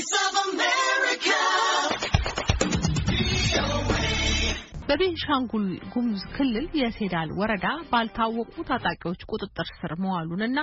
Voice of America. በቤንሻንጉል ጉሙዝ ክልል የሴዳል ወረዳ ባልታወቁ ታጣቂዎች ቁጥጥር ስር መዋሉንና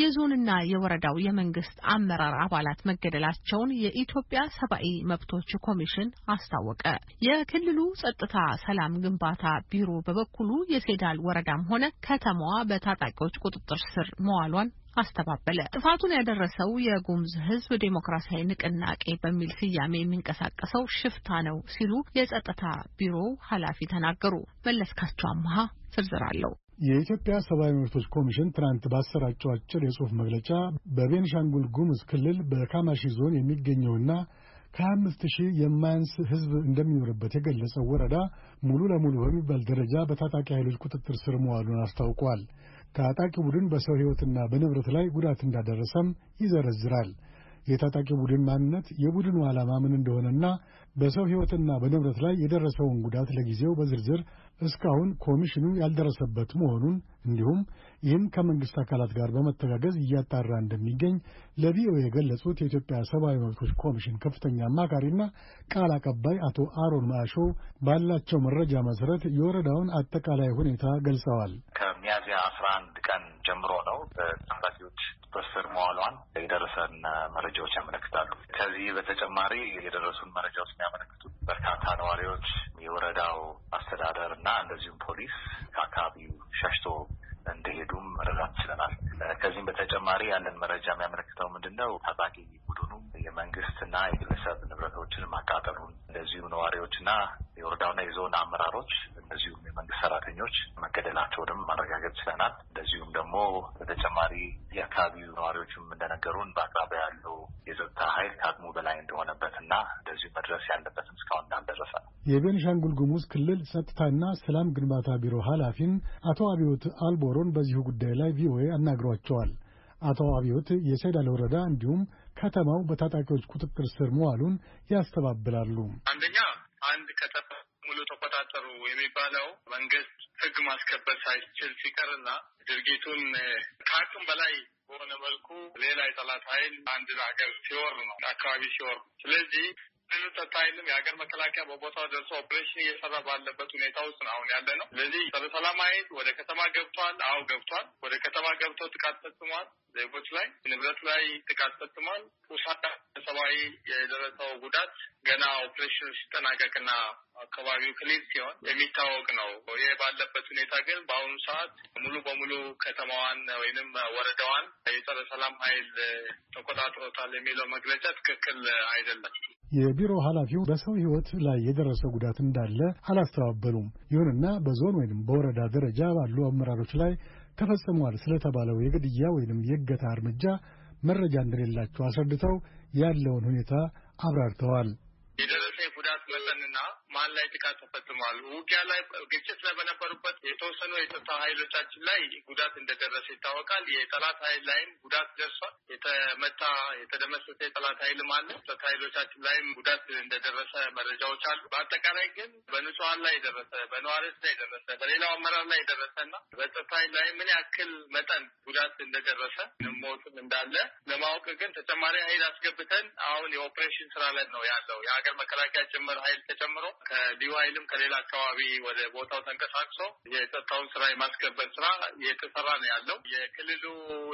የዞንና የወረዳው የመንግስት አመራር አባላት መገደላቸውን የኢትዮጵያ ሰብአዊ መብቶች ኮሚሽን አስታወቀ። የክልሉ ጸጥታ ሰላም ግንባታ ቢሮ በበኩሉ የሴዳል ወረዳም ሆነ ከተማዋ በታጣቂዎች ቁጥጥር ስር መዋሏን አስተባበለ። ጥፋቱን ያደረሰው የጉሙዝ ሕዝብ ዴሞክራሲያዊ ንቅናቄ በሚል ስያሜ የሚንቀሳቀሰው ሽፍታ ነው ሲሉ የጸጥታ ቢሮ ኃላፊ ተናገሩ። መለስካቸው አመሃ ዝርዝር አለው። የኢትዮጵያ ሰብአዊ መብቶች ኮሚሽን ትናንት ባሰራጨው አጭር የጽሑፍ መግለጫ በቤንሻንጉል ጉሙዝ ክልል በካማሺ ዞን የሚገኘውና ከሀያ አምስት ሺህ የማያንስ ህዝብ እንደሚኖርበት የገለጸው ወረዳ ሙሉ ለሙሉ በሚባል ደረጃ በታጣቂ ኃይሎች ቁጥጥር ስር መዋሉን አስታውቋል። ታጣቂ ቡድን በሰው ሕይወትና በንብረት ላይ ጉዳት እንዳደረሰም ይዘረዝራል። የታጣቂ ቡድን ማንነት፣ የቡድኑ ዓላማ ምን እንደሆነና በሰው ሕይወትና በንብረት ላይ የደረሰውን ጉዳት ለጊዜው በዝርዝር እስካሁን ኮሚሽኑ ያልደረሰበት መሆኑን እንዲሁም ይህም ከመንግሥት አካላት ጋር በመተጋገዝ እያጣራ እንደሚገኝ ለቪኦኤ የገለጹት የኢትዮጵያ ሰብአዊ መብቶች ኮሚሽን ከፍተኛ አማካሪና ቃል አቀባይ አቶ አሮን ማሾ ባላቸው መረጃ መሠረት የወረዳውን አጠቃላይ ሁኔታ ገልጸዋል። ከሚያዝያ አስራ አንድ ቀን ጀምሮ ነው ታጣቂዎች በቁጥጥር ስር መዋሏን የደረሰን መረጃዎች ያመለክታሉ። ከዚህ በተጨማሪ የደረሱን መረጃዎች የሚያመለክቱት በርካታ ነዋሪዎች የወረዳው አስተዳደር እና እንደዚሁም ፖሊስ ከአካባቢው ሸሽቶ እንደሄዱም መረዳት ችለናል። ከዚህም በተጨማሪ ያለን መረጃ የሚያመለክተው ምንድን ነው? ታጣቂ ቡድኑ የመንግስትና የግለሰብ ንብረቶችን ማቃጠሉን እንደዚሁም ነዋሪዎችና የወረዳና የዞን አመራሮች እንደዚሁም የመንግስት ሰራተኞች መገደላቸውንም ማረጋገጥ ችለናል። እንደዚሁም ደግሞ በተጨማሪ የአካባቢው ነዋሪዎችም እንደነገሩን በአቅራቢያ ያለው የጸጥታ ኃይል ከአቅሙ በላይ እንደሆነበት እና እንደዚሁ መድረስ ያለበትም እስካሁን እንዳልደረሰ ነው። የቤንሻንጉል ጉሙዝ ክልል ጸጥታና ሰላም ግንባታ ቢሮ ኃላፊን አቶ አብዮት አልቦሮን በዚሁ ጉዳይ ላይ ቪኦኤ አናግሯቸዋል። አቶ አብዮት የሰዳል ወረዳ እንዲሁም ከተማው በታጣቂዎች ቁጥጥር ስር መዋሉን ያስተባብላሉ። አንደኛ አንድ ከጠፋ ተቆጣጠሩ የሚባለው መንግስት ህግ ማስከበር ሳይችል ሲቀርና ድርጊቱን ከአቅም በላይ በሆነ መልኩ ሌላ የጠላት ኃይል አንድ ሀገር ሲወር ነው አካባቢ ሲወር። ስለዚህ ክልል ኃይልም የሀገር መከላከያ በቦታው ደርሶ ኦፕሬሽን እየሰራ ባለበት ሁኔታ ውስጥ ነው አሁን ያለ ነው። ስለዚህ ጸረ ሰላም ኃይል ወደ ከተማ ገብቷል። አዎ ገብቷል። ወደ ከተማ ገብቶ ጥቃት ፈጽሟል። ዜጎች ላይ ንብረት ላይ ጥቃት ፈጽሟል። ቁሳ ሰብአዊ የደረሰው ጉዳት ገና ኦፕሬሽኑ ሲጠናቀቅና አካባቢው ክሊል ሲሆን የሚታወቅ ነው። ይህ ባለበት ሁኔታ ግን በአሁኑ ሰዓት ሙሉ በሙሉ ከተማዋን ወይንም ወረዳዋን የጸረ ሰላም ኃይል ተቆጣጥሮታል የሚለው መግለጫ ትክክል አይደለም። የቢሮ ኃላፊው በሰው ሕይወት ላይ የደረሰ ጉዳት እንዳለ አላስተባበሉም። ይሁንና በዞን ወይንም በወረዳ ደረጃ ባሉ አመራሮች ላይ ተፈጽሟል ስለተባለው የግድያ ወይንም የእገታ እርምጃ መረጃ እንደሌላቸው አስረድተው ያለውን ሁኔታ አብራርተዋል። ማን ላይ ጥቃት ተፈጽሟል። ውጊያ ላይ ግጭት ላይ በነበሩበት የተወሰኑ የጸጥታ ኃይሎቻችን ላይ ጉዳት እንደደረሰ ይታወቃል። የጠላት ኃይል ላይም ጉዳት ደርሷል። የተመታ የተደመሰሰ የጠላት ኃይልም አለ። ጸጥታ ኃይሎቻችን ላይም ጉዳት እንደደረሰ መረጃዎች አሉ። በአጠቃላይ ግን በንጹሀን ላይ የደረሰ በነዋሪዎች ላይ የደረሰ በሌላው አመራር ላይ የደረሰ እና በጸጥታ ኃይል ላይ ምን ያክል መጠን ጉዳት እንደደረሰ ሞትም እንዳለ ለማወቅ ግን ተጨማሪ ኃይል አስገብተን አሁን የኦፕሬሽን ስራ ላይ ነው ያለው የሀገር መከላከያ ጭምር ኃይል ተጨምሮ ከዲዋይልም ከሌላ አካባቢ ወደ ቦታው ተንቀሳቅሶ የጸጥታውን ስራ የማስከበር ስራ እየተሰራ ነው ያለው። የክልሉ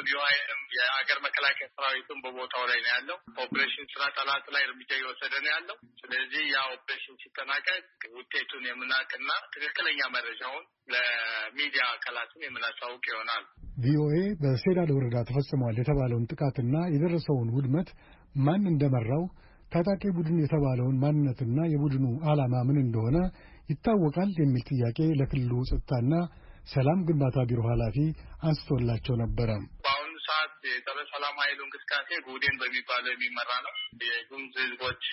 ዲዋይልም የሀገር መከላከያ ሰራዊትም በቦታው ላይ ነው ያለው። ኦፕሬሽን ስራ ጠላት ላይ እርምጃ እየወሰደ ነው ያለው። ስለዚህ ያ ኦፕሬሽን ሲጠናቀቅ ውጤቱን የምናውቅና ትክክለኛ መረጃውን ለሚዲያ አካላትን የምናሳውቅ ይሆናል። ቪኦኤ በሴዳል ወረዳ ተፈጽሟል የተባለውን ጥቃትና የደረሰውን ውድመት ማን እንደመራው ታጣቂ ቡድን የተባለውን ማንነትና የቡድኑ ዓላማ ምን እንደሆነ ይታወቃል የሚል ጥያቄ ለክልሉ ጸጥታና ሰላም ግንባታ ቢሮ ኃላፊ አንስቶላቸው ነበረ። በአሁኑ ሰዓት የጸረ ሰላም ኃይሉ እንቅስቃሴ ጉዴን በሚባለው የሚመራ ነው። የጉምዝ ህዝቦች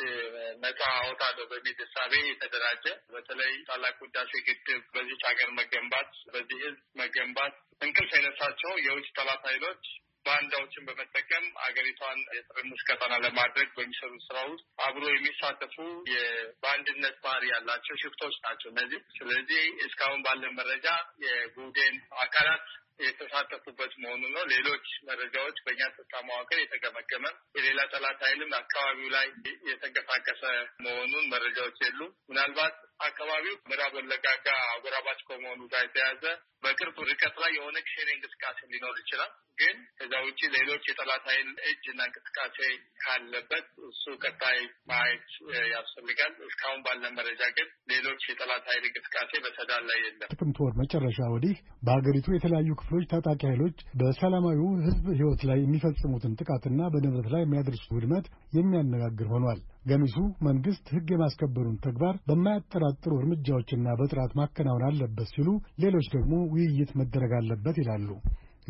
ነጻ አወጣለሁ በሚል እሳቤ የተደራጀ በተለይ ታላቁ ሕዳሴ ግድብ በዚች ሀገር መገንባት በዚህ ህዝብ መገንባት እንቅልፍ የነሳቸው የውጭ ጠላት ኃይሎች ባንዳዎችን በመጠቀም አገሪቷን የጠርሙስ ቀጠና ለማድረግ በሚሰሩ ስራ ውስጥ አብሮ የሚሳተፉ የባንድነት ባህሪ ያላቸው ሽፍቶች ናቸው እነዚህ። ስለዚህ እስካሁን ባለ መረጃ የጉዴን አካላት የተሳተፉበት መሆኑ ነው። ሌሎች መረጃዎች በእኛ ጸጥታ መዋቅር የተገመገመ የሌላ ጠላት ኃይልም አካባቢው ላይ የተንቀሳቀሰ መሆኑን መረጃዎች የሉ። ምናልባት አካባቢው ምዕራብ ወለጋ ጋ አጎራባች ከመሆኑ ጋር የተያዘ በቅርብ ርቀት ላይ የሆነ ሸኔ እንቅስቃሴ ሊኖር ይችላል። ግን ከዛ ውጭ ሌሎች የጠላት ኃይል እጅ እና እንቅስቃሴ ካለበት እሱ ቀጣይ ማየት ያስፈልጋል። እስካሁን ባለ መረጃ ግን ሌሎች የጠላት ኃይል እንቅስቃሴ በሰዳን ላይ የለም። ጥቅምት ወር መጨረሻ ወዲህ በሀገሪቱ የተለያዩ ክፍሎች ታጣቂ ኃይሎች በሰላማዊው ሕዝብ ሕይወት ላይ የሚፈጽሙትን ጥቃትና በንብረት ላይ የሚያደርሱት ውድመት የሚያነጋግር ሆኗል። ገሚሱ መንግስት ሕግ የማስከበሩን ተግባር በማያጠራጥሩ እርምጃዎችና በጥራት ማከናወን አለበት ሲሉ፣ ሌሎች ደግሞ ውይይት መደረግ አለበት ይላሉ።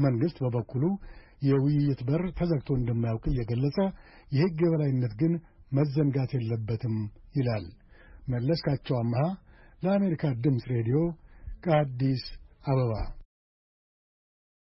መንግስት በበኩሉ የውይይት በር ተዘግቶ እንደማያውቅ እየገለጸ የሕግ የበላይነት ግን መዘንጋት የለበትም ይላል። መለስካቸው አምሃ ለአሜሪካ ድምፅ ሬዲዮ ከአዲስ አበባ